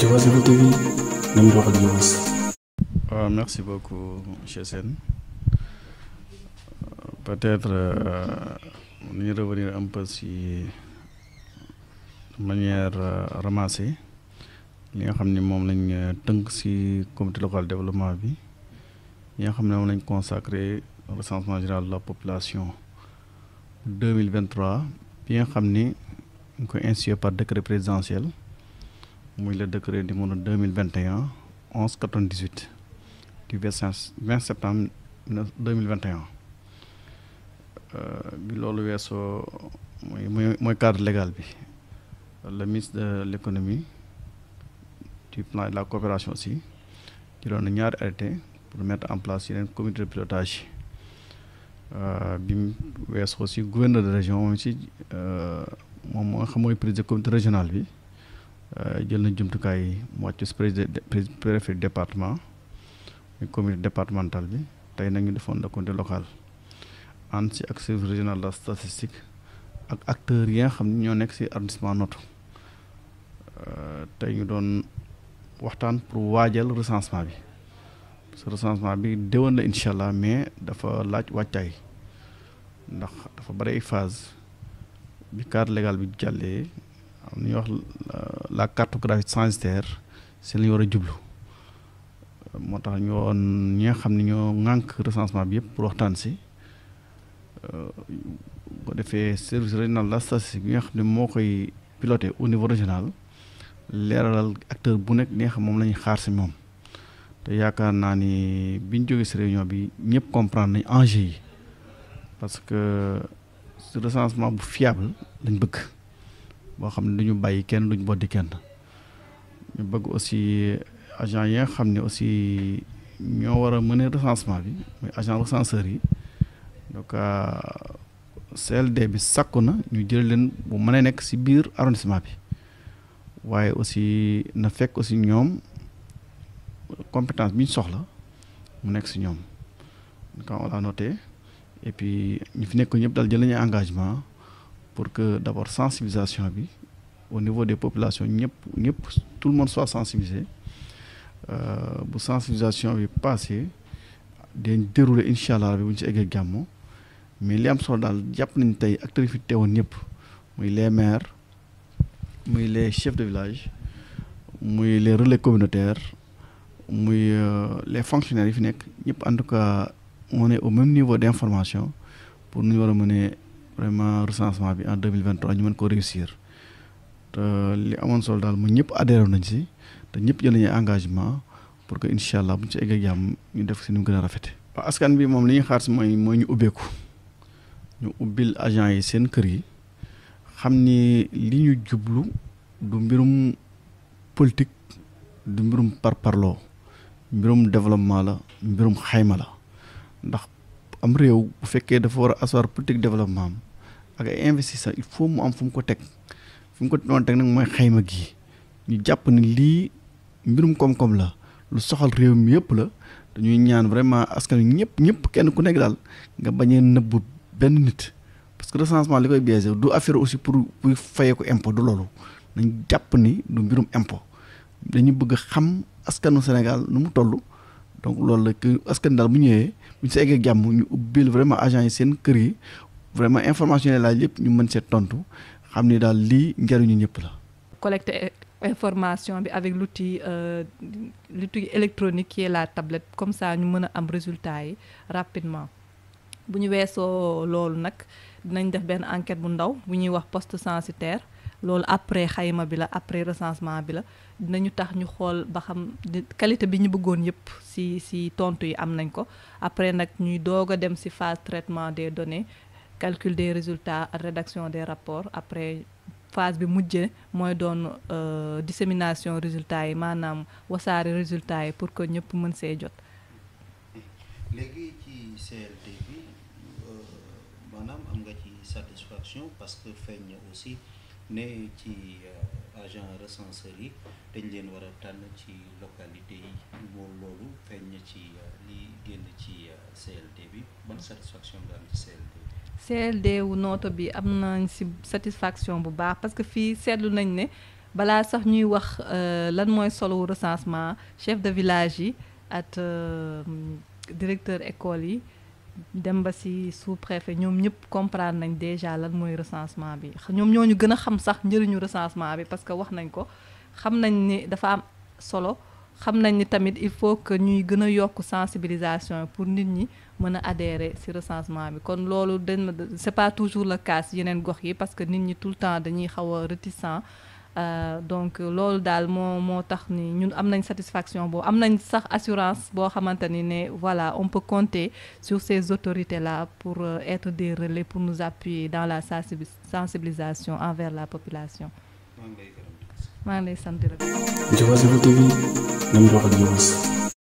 je vous euh, merci beaucoup monsieur peut-être ñu euh, revenir un peu si manière euh, ramassée li nga xam ne moom lañ euh, tënk comité local développement bi avons nga xam ne moom lañ au recensement général de la population 2023 bi nga xam ni ko par décret présidentiel muy le décret numéro 2021 1198 du 20 septembre 2021 euh, bi a wesso moy moy cadre légal bi le ministre de l'économie, du plan et de la coopération aussi qui été ñaar arrêté pour mettre en place un comité de pilotage euh, bi wesso aussi gouverneur de région moom euh moom moo président comité régional bi Euh, jël nañ jumtukaay yi mu wàcc si préfet département comité départemental bi tey nag ñu defoon la comité locale ànd si ak service régional de statistique ak acteurs yi nga xam ne ñoo nekk si arrondissement Notto euh, tey ñu doon waxtaan pour waajal recensement bi parce que recensement bi déwén la incha allah mais dafa laaj wàccaay ndax dafa bare ay phase bi cadre légal bi jàllee li wax euh, la cartographie sanitaire c'est li wara djublu motax ñu won ñi nga xamni ñoo ngank recensement bi yépp pour waxtaan euh ko défé service régional la statistique bi nga xamni mo koy piloter au niveau régional leeralal acteur bu nek neex mom lañu xaar ci mom té yaakaar naa ni biñ jógee si réunion bi ñëpp comprendre nañ enjeu yi parce que ce recensement bu fiable lañ bëgg boo xam ne duñu bàyyi kenn duñ boddi kenn ñu bëgg aussi agent yi nga xam ne aussi ñoo war a mener recensement bi muy agent recenseur yi donc euh, CLD bi sàkku na ñu jël leen bu mën a nekk si biir arrondissement bi waaye aussi na fekk aussi ñoom compétence bi ñu soxla mu nekk si ñoom quand on l'a noté et puis ñu fi nekk ñëpp dal jël nañu engagement pour que d'abord sensibilisation au niveau des populations tout le monde soit sensibilisé la euh, sensibilisation bi passée dañ dérouler inch'allah bi bu ci mais les am solo dal japp nañ acteurs fi muy les maires muy les chefs de village muy les relais communautaires muy euh, les fonctionnaires en tout cas on est au même niveau d'information pour nous war vraiment recensement bi en 2023 ñu mën ko réussir te li amon sol dal mu ñëpp adhéré nañ ci te ñëpp jël nañu engagement pour que inshallah bu ñu ci eggee jàmm ñu def ci ñu gëna rafété a askan bi mom li ñu xaar si moy mooy ñu ubbeeku ñu ubbil agent yi seen kër yi xamni li ñu jublu du mbirum politique du mbirum par parlo mbirum développement la mbirum xayma la ndax am réew bu fekkee dafa war a asseoir politique développement ak ay investisseurs il faut mu am fu mu ko teg fu mu ko doon teg nag mooy xayma gi ñu jàpp ni lii mbirum koom-koom la lu soxal réew mi yëpp la dañuy ñaan vraiment askan wi ñëpp ñëpp kenn ku nekk daal nga bañee nëbb benn nit parce que recensement li koy biaisé du affaire aussi pour pour fayee ko impôt du loolu nañ jàpp ni du mbirum impôt dañu bëgg xam askanu Sénégal nu mu toll donc loolu la que askan daal bu ñëwee bu ñu si jàmm ñu ubbil vraiment agent yi seen kër yi vraiment information yi laaj yëpp ñu mën see tontu xam ni daal lii njariñu ñëpp la. collecter information bi avec l'outil euh, l'outil électronique qui est la tablette comme ça ñu mën a am résultat yi rapidement bu ñu weesoo loolu nag dinañ def benn enquête bu ndaw bu ñuy wax poste censitaire. loolu après xayma bi la après recensement bi la dinañu tax ñu xool ba xam qualité bi ñu bëggoon yëpp ci ci tontu yi am nañ ko après nag ñuy doog a dem ci phase traitement des données calcul des résultats rédaction des rapports après phase bi mujje mooy doon euh, dissémination résultats yi maanaam wasaare résultats yi pour que ñëpp mën see jot. léegi ci CRD bi euh, maanaam am nga ci satisfaction parce que feeñ aussi. ne ci euh, agent recenseur yi dañ leen war a tànn ci localité yi moom loolu feeñ ci euh, li génn ci euh, CLD bi ban satisfaction nga am ci CLD bi CLD wu nooto bi am nañ si satisfaction bu baax parce que fii seetlu nañ ne balaa sax ñuy wax lan mooy solo recensement chef de village yi at directeur école yi dem ba si sous préfet ñoom ñëpp comprendre nañ déjà lan mooy recensement bi ñoom ñoo ñu gën a xam sax njëriñu recensement bi parce que wax nañ ko xam nañ ni dafa am solo xam nañ ni tamit il faut que ñuy gën a yokk sensibilisation pour nit ñi mën a adhérer si recensement bi kon loolu dañ c'est pas toujours le cas yeneen gox yi parce que nit ñi tout le temps dañuy xaw a réticent euh, donc l'Oldal, daal moo nous satisfaction assurance boo voilà on peut compter sur ces autorités là pour euh, être des relais pour nous appuyer dans la sensibilisation envers la population.